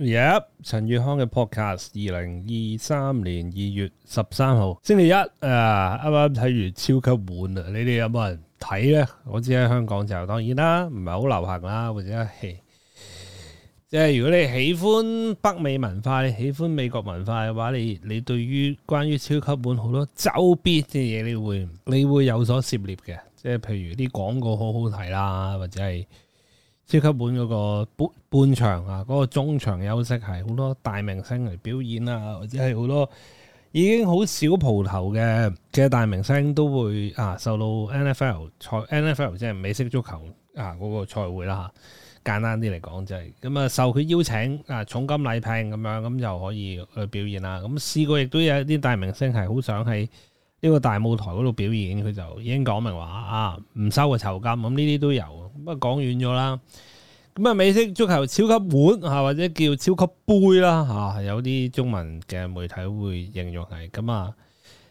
Yep，陳宇康嘅 podcast，二零二三年二月十三號星期一啊，啱啱睇完《超級碗》啊，你哋有冇人睇呢？我知喺香港就當然啦，唔係好流行啦，或者係即係如果你喜歡北美文化，你喜歡美國文化嘅話，你你對於關於超級碗好多周邊嘅嘢，你會你會有所涉獵嘅，即係譬如啲廣告好好睇啦，或者係，超級碗嗰個半半場啊，嗰個中場休息係好多大明星嚟表演啊，或者係好多已經好少蒲頭嘅嘅大明星都會啊受到 NFL 賽 NFL 即係美式足球啊嗰個賽會啦嚇，簡單啲嚟講就係咁啊，受佢邀請啊，重金禮聘咁樣，咁就可以去表演啦。咁試過亦都有一啲大明星係好想喺呢個大舞台嗰度表演，佢就已經講明話啊，唔收嘅酬金，咁呢啲都有。咁啊，講遠咗啦。咁啊，美式足球超級碗吓，或者叫超級杯啦吓，有啲中文嘅媒體會形容係咁啊，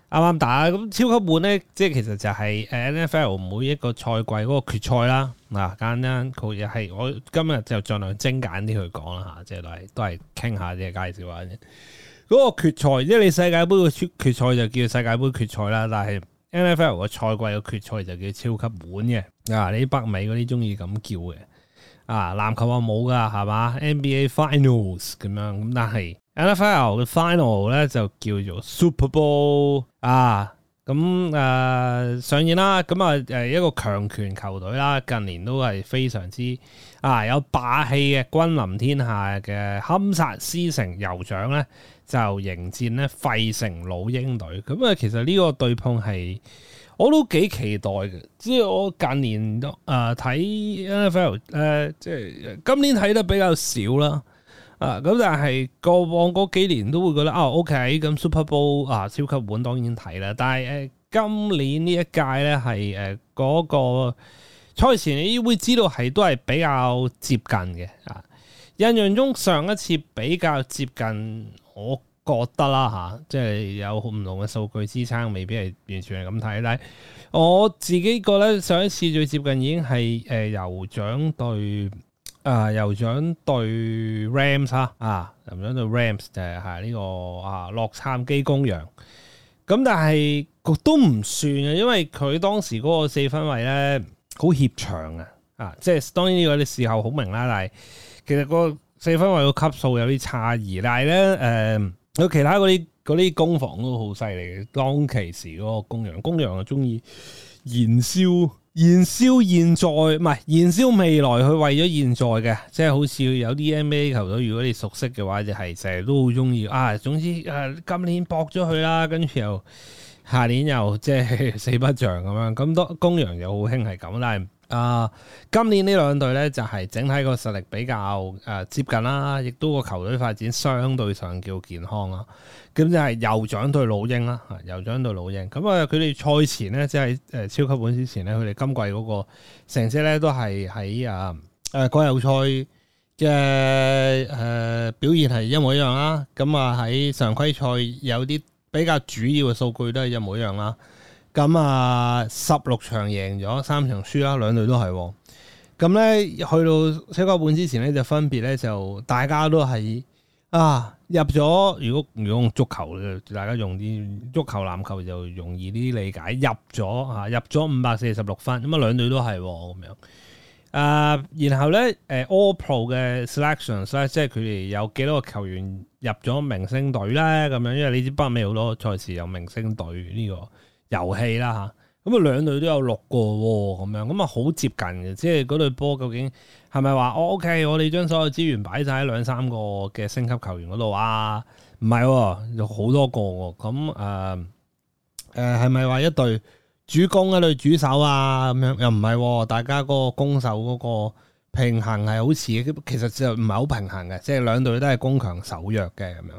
啱啱打？咁、嗯嗯嗯嗯、超級碗咧，即係其實就係誒 NFL 每一個賽季嗰個決賽啦。嗱，簡單佢係我今日就盡量精簡啲去講啦吓，即係都係都係傾下啲介紹下。嗰、那個決賽，即係你世界杯嘅決賽就叫世界杯決賽啦，但係 NFL 嘅賽季嘅決賽就叫超級碗嘅。啊！你啲北美嗰啲中意咁叫嘅，啊籃球我冇噶係嘛 NBA Finals 咁樣咁，但係 NFL 嘅 Final 咧就叫做 Super Bowl 啊，咁誒、啊、上演啦，咁啊誒一個強權球隊啦，近年都係非常之啊有霸氣嘅君臨天下嘅堪薩斯城酋長咧，就迎戰咧費城老鷹隊，咁啊其實呢個對碰係。我都幾期待嘅，即係我近年都睇、呃、NFL，誒、呃、即係今年睇得比較少啦，啊、呃、咁但係過往嗰幾年都會覺得啊 OK，咁 Super Bowl 啊超級碗當然睇啦，但係誒、呃、今年呢一屆咧係誒嗰個賽前你會知道係都係比較接近嘅啊，印象中上一次比較接近我覺得啦嚇，即係有好唔同嘅數據支撐，未必係完全係咁睇。但係我自己覺得上一次最接近已經係誒酋長對，啊酋長對 Rams 啦，啊酋長對 Rams 就係呢、這個啊洛杉磯公羊。咁但係都唔算啊，因為佢當時嗰個四分位咧好怯場啊，啊即係當然呢我哋事後好明啦，但係其實個四分位個級數有啲差異。但係咧誒。嗯有其他嗰啲嗰啲攻防都好犀利嘅，當其時嗰個公羊，公羊啊中意燃燒，燃燒現在唔係燃燒未來。佢為咗現在嘅，即係好似有啲 NBA 球隊，如果你熟悉嘅話，就係成日都好中意啊。總之誒、啊，今年搏咗佢啦，跟住又下年又即係四不像咁樣。咁多公羊又好興，係咁，但係。啊，今年呢兩隊咧就係整體個實力比較誒接近啦，亦都個球隊發展相對上叫健康啦。咁就係酋長對老鷹啦，酋長對老鷹。咁啊，佢哋賽前咧即係誒超級碗之前咧，佢哋今季嗰個成績咧都係喺啊誒季後賽嘅誒表現係一模一樣啦。咁啊喺常規賽有啲比較主要嘅數據都係一模一樣啦。咁啊，十六場贏咗三場輸啦，兩隊都係、哦。咁咧去到西界半之前咧，就分別咧就大家都係啊入咗。如果如果用足球大家用啲足球籃球就容易啲理解。入咗、啊、入咗五百四十六分，咁啊兩隊都係咁、哦、樣。啊，然後咧誒，All Pro 嘅 Selections 咧、啊，即係佢哋有幾多個球員入咗明星隊咧，咁樣。因為你知北美好多賽事有明星隊呢、這個。遊戲啦吓，咁啊兩隊都有六個喎，咁樣咁啊好接近嘅，即係嗰隊波究竟係咪話哦 OK？我哋將所有資源擺晒喺兩三個嘅升級球員嗰度啊？唔係，有好多個喎，咁誒誒係咪話一隊主攻一隊主守啊？咁樣又唔係，大家嗰個攻守嗰個平衡係好似嘅，其實就唔係好平衡嘅，即係兩隊都係攻強守弱嘅咁樣。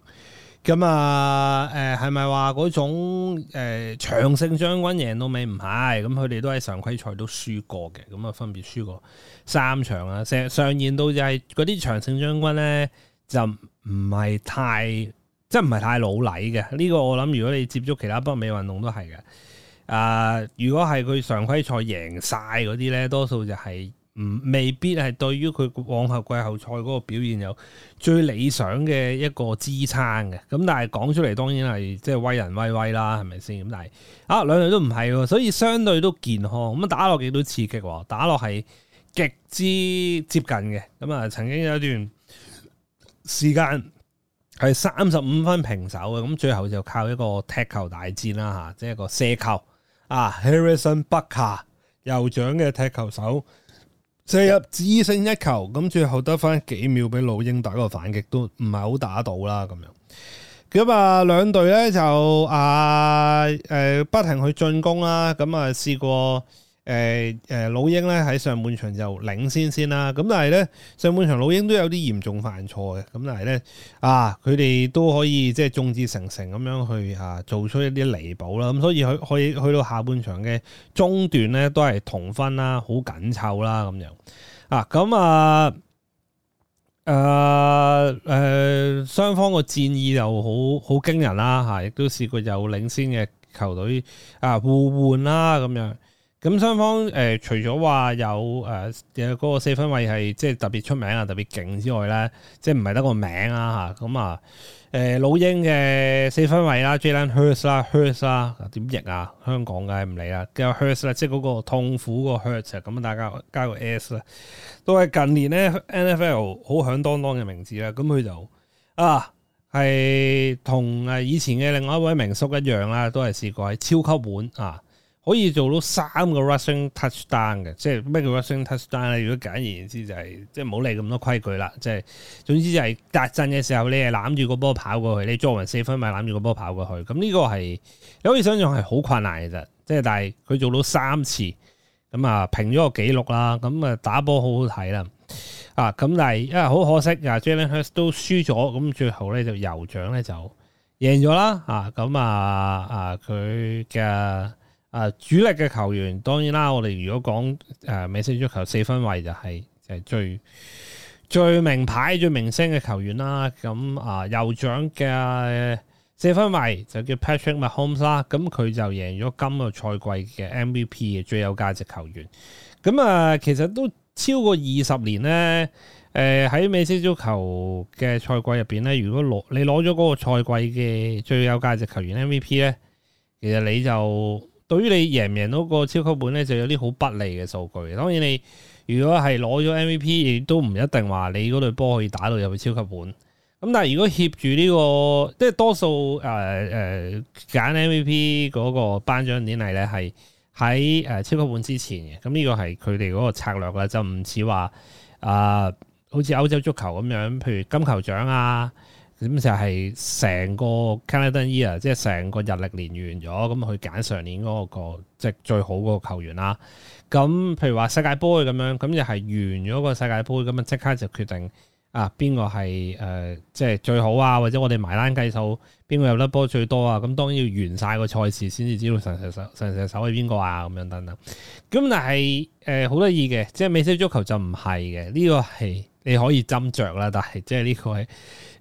咁啊，誒、呃，係咪話嗰種誒、呃、長勝將軍贏到尾？唔係，咁佢哋都喺常規賽都輸過嘅，咁啊分別輸過三場啊，成日上演到就係嗰啲長勝將軍咧就唔係太，即係唔係太老禮嘅，呢、這個我諗如果你接觸其他北美運動都係嘅，啊、呃，如果係佢常規賽贏晒嗰啲咧，多數就係、是。唔，未必係對於佢往後季後賽嗰個表現有最理想嘅一個支撐嘅，咁但係講出嚟當然係即係威人威威啦，係咪先？咁但係啊，兩樣都唔係，所以相對都健康。咁啊，打落幾都刺激，打落係極之接近嘅。咁啊，曾經有一段時間係三十五分平手嘅，咁最後就靠一個踢球大戰啦吓，即係一個射球啊，Harrison Butker 右掌嘅踢球手。射入致勝一球，咁最後得翻幾秒俾老鷹打個反擊，都唔係好打到啦。咁樣咁啊，兩隊咧就啊誒、啊，不停去進攻啦。咁啊，試過。誒誒，老鷹咧喺上半場就先領先先啦，咁但係咧上半場老鷹都有啲嚴重犯錯嘅，咁但係咧啊，佢哋都可以即係眾志成城咁樣去啊，做出一啲彌補啦，咁所以可可以去到下半場嘅中段咧都係同分啦，好緊湊啦咁樣啊，咁啊誒誒，雙、啊啊、方個戰意又好好驚人啦吓，亦都試過有領先嘅球隊啊互換啦咁樣。啊咁雙方、呃、除咗話有誒嗰、呃嗰個四分位係即係特別出名啊，特別勁之外咧，即係唔係得個名啊咁啊、呃、老鷹嘅四分位啦，Jalen Hurts 啦 Hurts 啦、啊、點譯啊，香港梗係唔理啦，叫 Hurt 啦，即係嗰個痛苦 Hurt，個 Hurt 啊，咁啊大家加個 S 啦，都係近年咧 NFL 好響當當嘅名字啦，咁佢就啊係同以前嘅另外一位名宿一樣啦，都係試過喺超級碗啊。可以做到三個 rushing touchdown 嘅，即係咩叫 rushing touchdown 咧？如果簡而言之就係、是，即係冇理咁多規矩啦，即係總之就係達陣嘅時候，你係攬住個波跑過去，你抓完四分咪攬住個波跑過去。咁呢個係你可以想象係好困難嘅，其即係但係佢做到三次，咁啊平咗個紀錄啦，咁啊打波好好睇啦，啊咁但係因為好可惜啊，Jalen Hurst 都輸咗，咁最後咧就酋長咧就贏咗啦，啊咁啊啊佢嘅。啊啊！主力嘅球員，當然啦，我哋如果講誒、呃、美式足球四分衛就係、是、就係、是、最最名牌最明星嘅球員啦。咁啊，酋長嘅四分衛就叫 Patrick Mahomes 啦。咁佢就贏咗今個賽季嘅 MVP 嘅最有價值球員。咁啊，其實都超過二十年咧。誒、呃，喺美式足球嘅賽季入邊咧，如果攞你攞咗嗰個賽季嘅最有價值球員 MVP 咧，其實你就。對於你贏唔贏到個超級碗咧，就有啲好不利嘅數據。當然你如果係攞咗 MVP，亦都唔一定話你嗰隊波可以打到入去超級碗。咁但係如果協住呢個，即係多數誒誒揀 MVP 嗰個頒獎典禮咧，係喺誒超級碗之前嘅。咁呢個係佢哋嗰個策略啦，就唔似話啊，好似歐洲足球咁樣，譬如金球獎啊。咁就係成個 Calendar Year，即係成個日曆年完咗，咁佢揀上年嗰、嗰個即、係、最好嗰個球員啦。咁譬如話世界盃咁樣，咁就係完咗個世界盃，咁樣即刻就決定啊邊個係即係最好啊，或者我哋埋單計數邊個有得波最多啊？咁當然要完晒個賽事先至知道神射手神射手係邊個啊？咁樣等等。咁但係好得意嘅，即、呃、係、就是、美式足球就唔係嘅，呢、這個係。你可以斟酌啦，但係即係呢個係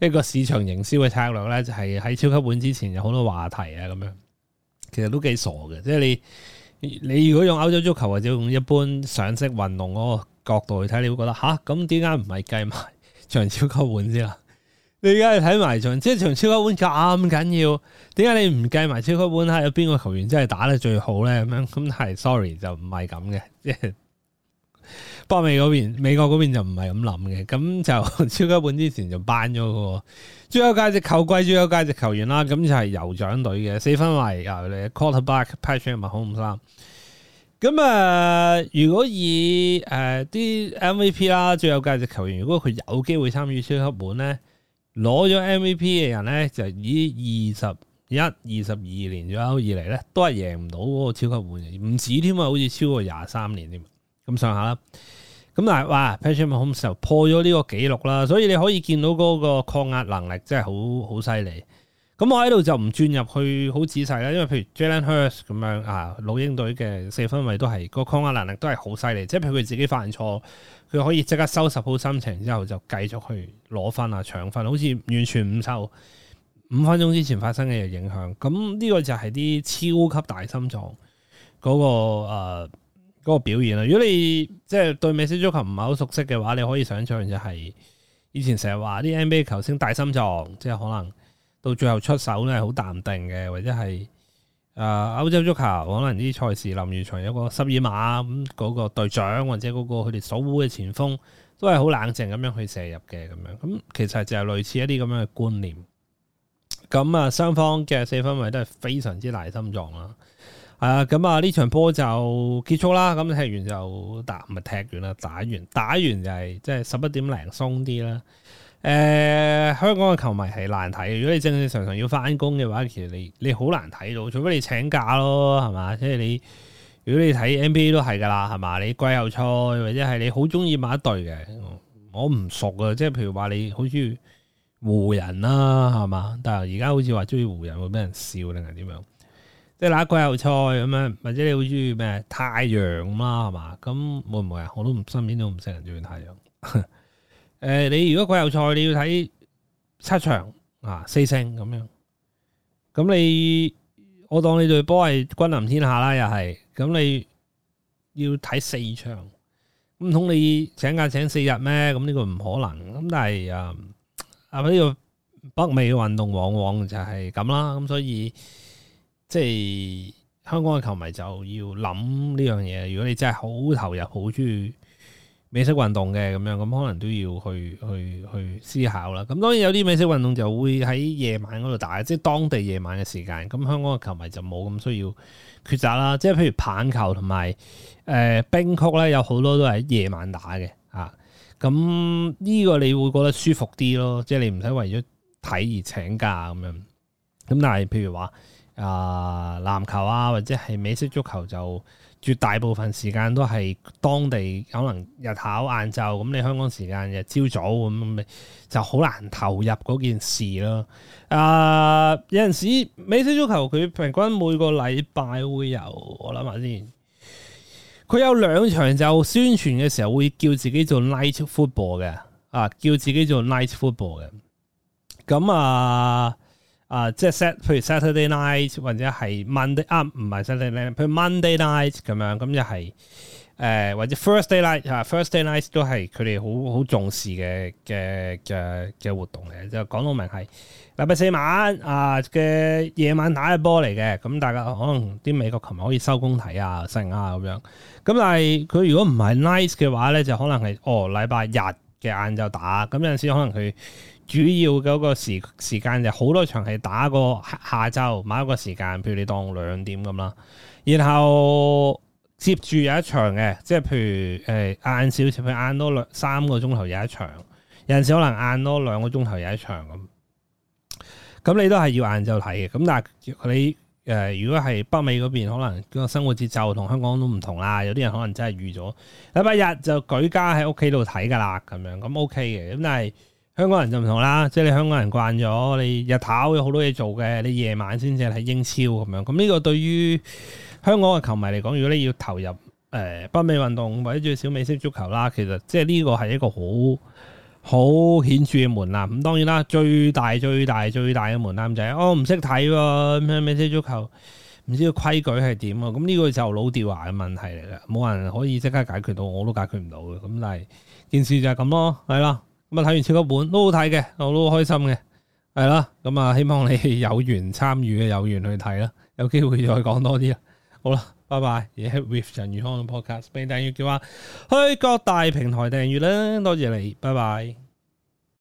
一個市場營銷嘅策略咧，就係喺超級碗之前有好多話題啊咁樣，其實都幾傻嘅。即係你你如果用歐洲足球或者用一般賞識運動嗰個角度去睇，你會覺得吓，咁點解唔係計埋場超級碗先啊？你而家係睇埋場即係場超級碗咁緊要，點解你唔計埋超級碗啊？有邊個球員真係打得最好咧咁樣？咁係 sorry 就唔係咁嘅，即係。北美邊，美國嗰邊就唔係咁諗嘅，咁就超級碗之前就頒咗個最有價值球季、最有價值，值球員啦。咁就係酋長隊嘅四分衛，由咧 quarterback 派出去咪好唔啱？咁、呃、啊、呃，如果以誒啲、呃、MVP 啦，最有價值球員，如果佢有機會參與超級碗咧，攞咗 MVP 嘅人咧，就以二十一、二十二年左右以嚟咧，都係贏唔到嗰個超級碗嘅，唔止添啊，好似超過廿三年添。咁上下啦，咁但係哇，Patrick Mahomes 破咗呢個紀錄啦，所以你可以見到嗰個抗壓能力真係好好犀利。咁我喺度就唔轉入去好仔細啦，因為譬如 Jalen Hurst 咁樣啊，老鷹隊嘅四分衛都係個抗壓能力都係好犀利。即係譬如佢自己犯錯，佢可以即刻收拾好心情之後就繼續去攞分啊、搶分，好似完全唔受五分鐘之前發生嘅嘢影響。咁呢個就係啲超級大心臟嗰個誒。呃嗰、那個表現，如果你即係對美式足球唔係好熟悉嘅話，你可以想象就係以前成日話啲 NBA 球星大心臟，即係可能到最後出手咧係好淡定嘅，或者係誒、呃、歐洲足球可能啲賽事臨完場有個十二碼咁嗰、那個隊長，或者嗰個佢哋守護嘅前鋒都係好冷靜咁樣去射入嘅咁樣咁，其實就係類似一啲咁樣嘅觀念。咁啊，雙方嘅四分衛都係非常之大心臟啦。啊，咁啊，呢場波就結束啦。咁踢完就打，唔係踢完啦，打完打完就係即係十一點零鬆啲啦。誒、呃，香港嘅球迷係難睇，如果你正正常常要翻工嘅話，其實你你好難睇到，除非你請假咯，係嘛？即係你如果你睇 NBA 都係噶啦，係嘛？你季後賽或者係你好中意某一隊嘅，我唔熟啊。即係譬如話你好中意湖人啦，係嘛？但係而家好似話中意湖人會俾人笑定係點樣？即係攞季後賽咁樣，或者你會中意咩太陽啦，係嘛？咁會唔會啊？我都唔身邊都唔識人中意太陽。誒、 呃，你如果季後賽你要睇七場啊四勝咁樣，咁你我當你隊波係君臨天下啦，又係咁你要睇四場，唔通你請假請四日咩？咁呢個唔可能。咁但係誒，咪、嗯、呢、啊呢個北美嘅運動往往就係咁啦，咁所以。即係香港嘅球迷就要諗呢樣嘢。如果你真係好投入、好中意美式運動嘅咁樣，咁可能都要去去去思考啦。咁當然有啲美式運動就會喺夜晚嗰度打，即係當地夜晚嘅時間。咁香港嘅球迷就冇咁需要抉擇啦。即係譬如棒球同埋誒冰曲咧，有好多都係夜晚打嘅啊。咁呢個你會覺得舒服啲咯，即係你唔使為咗睇而請假咁樣。咁但係譬如話。啊、呃，籃球啊，或者係美式足球就絕大部分時間都係當地可能日頭、晏晝，咁你香港時間日朝早咁咪就好難投入嗰件事咯。啊、呃，有陣時美式足球佢平均每個禮拜會有，我諗下先，佢有兩場就宣傳嘅時候會叫自己做 night football 嘅，啊，叫自己做 night football 嘅，咁、嗯、啊。呃啊、呃，即係 Sat，譬如 Saturday night 或者係 Monday 啊，唔係 Saturday night，譬如 Monday night 咁樣，咁又係誒，或者 Thursday night 啊，Thursday night 都係佢哋好好重視嘅嘅嘅嘅活動嚟嘅。就講到明係禮拜四晚啊嘅夜晚打一波嚟嘅，咁大家可能啲美國琴日可以收工睇啊，剩啊咁樣。咁但係佢如果唔係 nice 嘅話咧，就可能係哦禮拜日嘅晏晝打，咁有陣時可能佢。主要嗰個時時間就好多場係打個下下晝某一個時間，譬如你當兩點咁啦。然後接住有一場嘅，即係譬如誒晏少少，呃，如晏多兩三個鐘頭有一場，有陣時可能晏多兩個鐘頭有一場咁。咁你都係要晏晝睇嘅。咁但係你誒，呃，如果係北美嗰邊，可能個生活節奏同香港都唔同啦。有啲人可能真係預咗禮拜日就舉家喺屋企度睇噶啦，咁樣咁 OK 嘅。咁但係。香港人就唔同啦，即係你香港人慣咗，你日頭有好多嘢做嘅，你夜晚先至睇英超咁樣。咁呢個對於香港嘅球迷嚟講，如果你要投入誒、呃、北美運動或者最少美式足球啦，其實即係呢個係一個好好顯著嘅門檻。咁當然啦，最大最大最大嘅門檻就係我唔識睇喎，美式足球唔知道個規矩係點啊？咁呢個就老掉牙嘅問題嚟嘅，冇人可以即刻解決到，我都解決唔到嘅。咁但係件事就係咁咯，係啦。咁啊，睇完超級碗都好睇嘅，我都好開心嘅，係啦。咁啊，希望你有緣參與嘅，有緣去睇啦，有機會再講多啲啦。好啦，拜拜。而喺 With 陳宇康嘅 Podcast，訂閱嘅話，去各大平台訂閱啦。多謝你，拜拜。